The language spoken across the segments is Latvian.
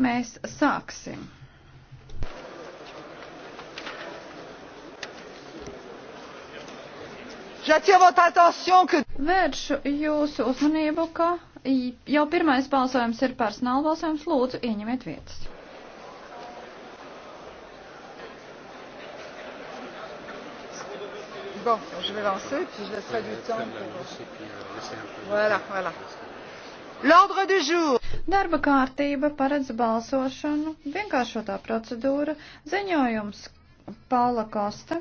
Mēs sāksim. Vēršu jūsu uzmanību, ka jau pirmais balsojums ir personāla balsojums. Lūdzu, ieņemiet vietas. Bon, je vais lancer, puis je laisserai du temps. Pour... Voilà, voilà. L'ordre du jour. Darba kārtība paredz balsošanu, vienkāršotā procedūra, ziņojums Paula Kosta,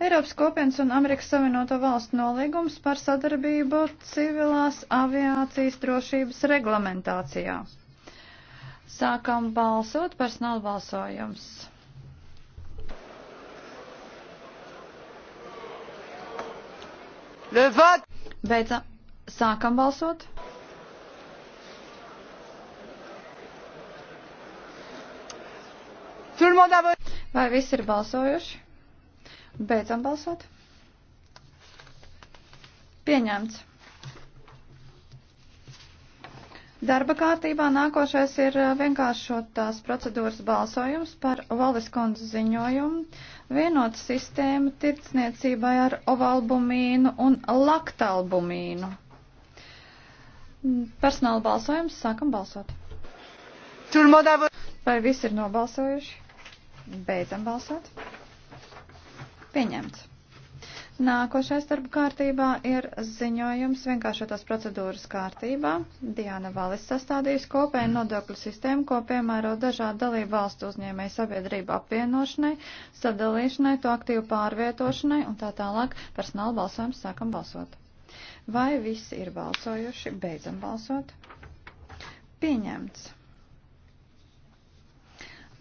Eiropas kopienas un Amerikas Savienoto valstu nolīgums par sadarbību civilās aviācijas drošības reglamentācijā. Sākam balsot, personāla balsojums. Le vote. Beidzam. Sākam balsot. Vai viss ir balsojuši? Beidzam balsot. Pieņemts. Darba kārtībā nākošais ir uh, vienkāršotās procedūras balsojums par Valis kundzes ziņojumu. Vienot sistēmu tirdzniecībai ar ovalbumīnu un laktalbumīnu. Personāla balsojums, sākam balsot. Vai visi ir nobalsojuši? Beidzam balsot. Pieņemts. Nākošais darba kārtībā ir ziņojums vienkāršotās procedūras kārtībā. Diana Valis sastādījis kopēju nodokļu sistēmu, ko piemēro dažādu dalību valstu uzņēmēju sabiedrību apvienošanai, sadalīšanai, to aktīvu pārvietošanai un tā tālāk. Personāla balsojums sākam balsot. Vai visi ir balsojuši? Beidzam balsot. Pieņemts.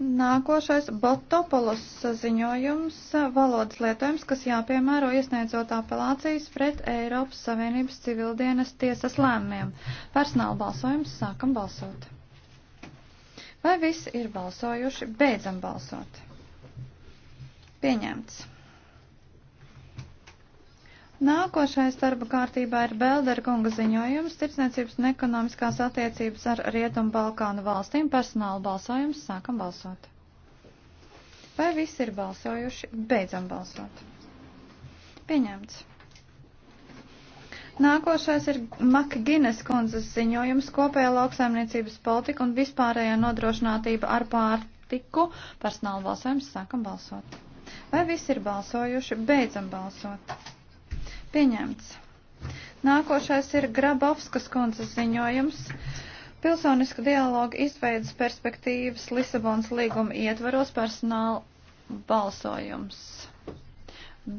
Nākošais Botopolos ziņojums - valodas lietojums, kas jāpiemēro iesniedzot apelācijas pret Eiropas Savienības civildienas tiesas lēmumiem. Personāla balsojums - sākam balsot. Vai visi ir balsojuši? Beidzam balsot. Pieņemts. Nākošais darba kārtībā ir Belder kunga ziņojums - tirdzniecības un ekonomiskās attiecības ar Rietumu Balkānu valstīm - personāla balsojums. Sākam balsot. Vai visi ir balsojuši? Beidzam balsot. Pieņemts. Nākošais ir Makgines kundzes ziņojums - kopēja lauksaimniecības politika un vispārējā nodrošinātība ar pārtiku - personāla balsojums. Sākam balsot. Vai visi ir balsojuši? Beidzam balsot. Pieņemts. Nākošais ir Grabovskas kundzes ziņojums. Pilsoniska dialoga izveidas perspektīvas Lisabons līguma ietvaros personāla balsojums.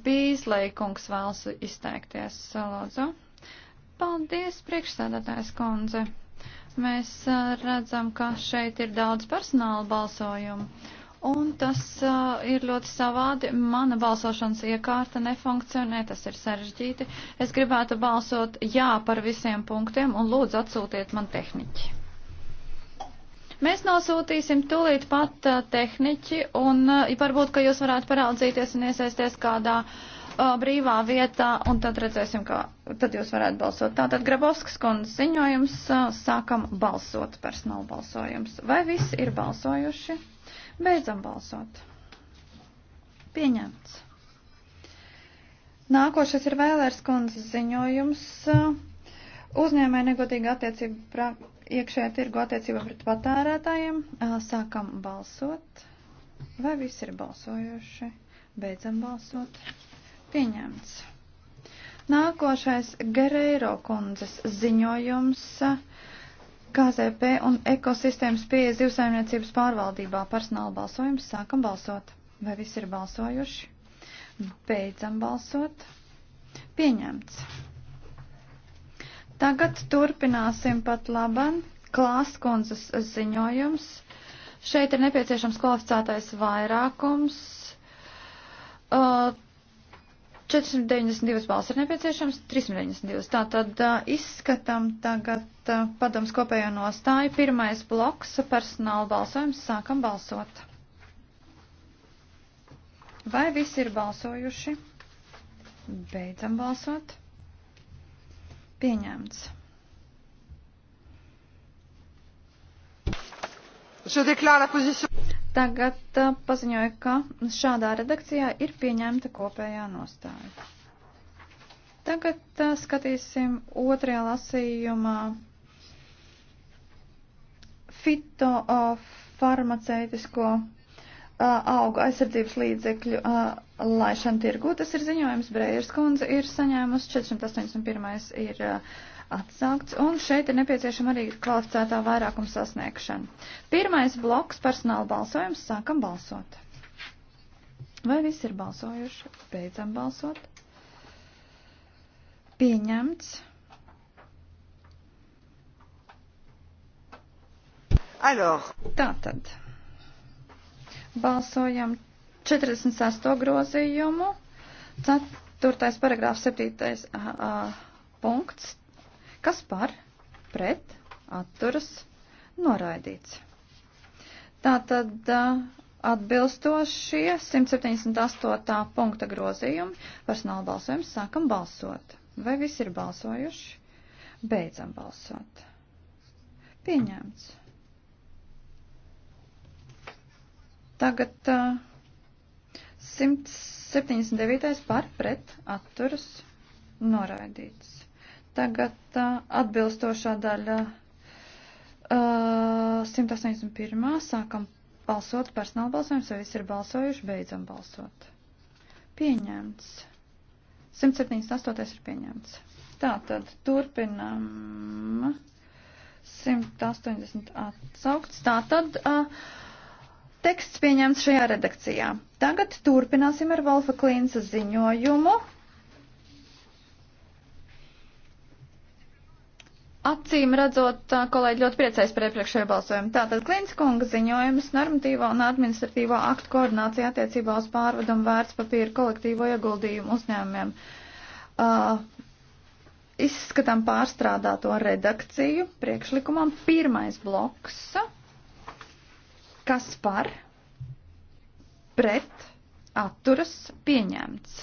Bīzleikungs vēlas izteikties, lūdzu. Paldies, priekšsēdētājs kundze. Mēs redzam, ka šeit ir daudz personāla balsojumu Un tas uh, ir ļoti savādi. Mana balsošanas iekārta nefunkcionē, tas ir sarežģīti. Es gribētu balsot jā par visiem punktiem un lūdzu atsūtiet man tehniķi. Mēs nosūtīsim tūlīt pat uh, tehniķi un uh, varbūt, ka jūs varētu paraudzīties un iesaisties kādā uh, brīvā vietā un tad redzēsim, kā tad jūs varētu balsot. Tātad Grabovskas kundzes ziņojums, uh, sākam balsot, personāla balsojums. Vai visi ir balsojuši? Beidzam balsot. Pieņemts. Nākošais ir Vēlērs kundzes ziņojums. Uzņēmē negodīga attiecība pra, iekšējā tirgu attiecībā pret patērētājiem. Sākam balsot. Vai visi ir balsojuši? Beidzam balsot. Pieņemts. Nākošais Gereiro kundzes ziņojums. Uh, KZP un ekosistēmas pieeja zivsaimniecības pārvaldībā. Personāla balsojums. Sākam balsot. Vai visi ir balsojuši? Beidzam balsot. Pieņemts. Tagad turpināsim pat laban klāskundzes ziņojums. Šeit ir nepieciešams kvalificētais vairākums. Uh, 492 balss ir nepieciešams, 392. Tā tad uh, izskatām tagad uh, padoms kopējo nostāju. Pirmais bloks - personāla balsojums. Sākam balsot. Vai visi ir balsojuši? Beidzam balsot. Pieņemts. Je déclare la position tagad uh, paziņoja, ka šādā redakcijā ir pieņemta kopējā nostāja. Tagad uh, skatīsim otrajā lasījumā fitofarmaceitisko uh, auga aizsardzības līdzekļu laišanu tirgu. Tas ir ziņojums, Brējers kundze ir saņēmusi 481. ir atsākts, un šeit ir nepieciešama arī kvalificētā vairākuma sasniegšana. Pirmais bloks personāla balsojums, sākam balsot. Vai visi ir balsojuši? Beidzam balsot. Pieņemts. Alors. Tātad. Balsojam 46. grozījumu. 4. paragrāfs 7. A, a, punkts. Kas par? Pret? Atturas? Noraidīts. Tātad atbilstošie 178. punkta grozījumi personāla balsojums sākam balsot. Vai visi ir balsojuši? Beidzam balsot. Pieņemts. Tagad uh, 179. par pret atturas noraidīts. Tagad atbilstošā daļa 181. sākam balsot personāla balsojums, vai visi ir balsojuši, beidzam balsot. Pieņemts. 178. ir pieņemts. Tātad turpinam. 180 atsaukts. Tātad uh, teksts pieņemts šajā redakcijā. Tagad turpināsim ar Valfa Klīnsa ziņojumu. Acīm redzot, kolēģi ļoti priecājas par iepriekšējo balsojumu. Tātad Klinskunga ziņojums normatīvo un administratīvo aktu koordinācija attiecībā uz pārvedumu vērts papīru kolektīvo ieguldījumu uzņēmumiem. Uh, izskatām pārstrādāto redakciju priekšlikumam. Pirmais bloks. Kas par? Pret? Atturas? Pieņemts.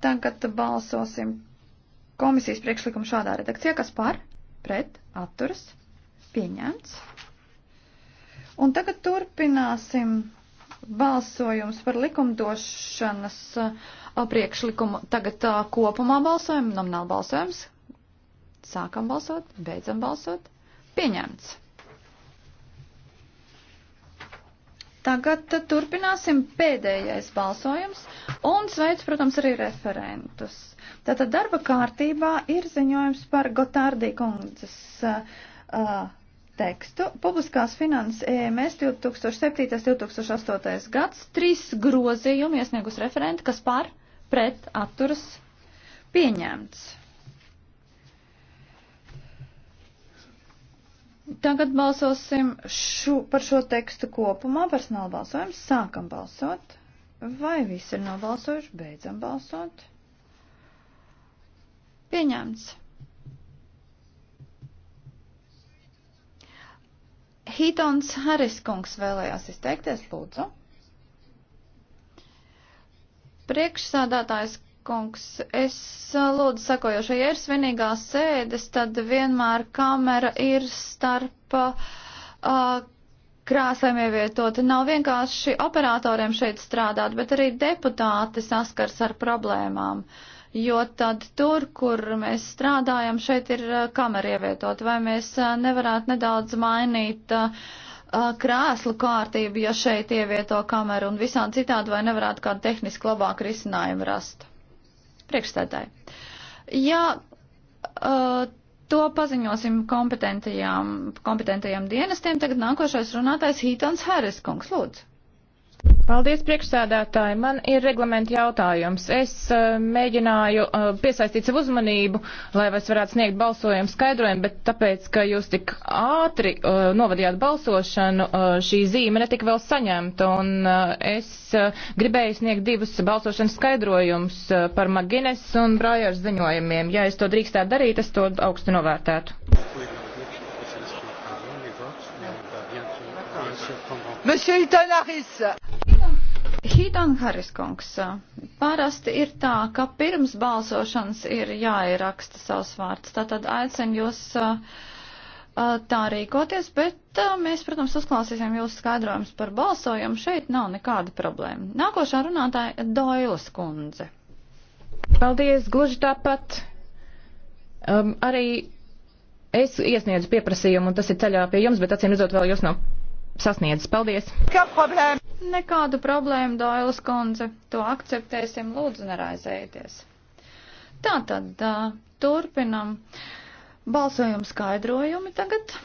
Tagad balsosim komisijas priekšlikumu šādā redakcijā, kas par, pret, atturas, pieņemts. Un tagad turpināsim balsojums par likumdošanas priekšlikumu. Tagad kopumā balsojam, nomināli balsojums. Sākam balsot, beidzam balsot. Pieņemts. Tagad turpināsim pēdējais balsojums un sveicu, protams, arī referentus. Tātad darba kārtībā ir ziņojums par Gotārdī kundzes uh, uh, tekstu. Publiskās finanses EMS 2007-2008 gads, trīs grozījumi iesniegus referenti, kas par pret atturas pieņemts. Tagad balsosim šu, par šo tekstu kopumā. Personāla balsojums. Sākam balsot. Vai visi ir nobalsojuši? Beidzam balsot. Pieņemts. Hitons Hariskungs vēlējās izteikties, lūdzu. Priekšsādātājs kungs, es lūdzu sakojošu, ja ir svinīgās sēdes, tad vienmēr kamera ir starp uh, krāsēm ievietota. Nav vienkārši operatoriem šeit strādāt, bet arī deputāti saskars ar problēmām. Jo tad tur, kur mēs strādājam, šeit ir kamera ievietota. Vai mēs nevarētu nedaudz mainīt uh, krēslu kārtību, ja šeit ievieto kameru un visādi citādi, vai nevarētu kādu tehniski labāku risinājumu rast? Priekšstādāji. Ja uh, to paziņosim kompetentajām, kompetentajām dienestiem, tagad nākošais runātājs Hītons Hereskungs, lūdzu. Paldies, priekšsēdētāji. Man ir reglamenta jautājums. Es uh, mēģināju uh, piesaistīt savu uzmanību, lai es varētu sniegt balsojumu skaidrojumu, bet tāpēc, ka jūs tik ātri uh, novadījāt balsošanu, uh, šī zīme netika vēl saņemta. Un uh, es uh, gribēju sniegt divus balsošanas skaidrojumus uh, par Magines un Brājers ziņojumiem. Ja es to drīkstētu darīt, es to augstu novērtētu. Monsieur Hilton Harris. Hīton Haris kungs, parasti ir tā, ka pirms balsošanas ir jāieraksta savs vārds. Tātad aicinu jūs uh, uh, tā rīkoties, bet uh, mēs, protams, uzklausīsim jūsu skaidrojumus par balsojumu. Šeit nav nekāda problēma. Nākošā runātāja Doilas kundze. Paldies, gluži tāpat. Um, arī es iesniedzu pieprasījumu, un tas ir ceļā pie jums, bet acīm redzot, vēl jūs nav sasniedzis. Paldies! Kā problēma? Nekādu problēmu, Dailas kundze. To akceptēsim, lūdzu, neraizējieties. Tātad, turpinam balsojumu skaidrojumi tagad.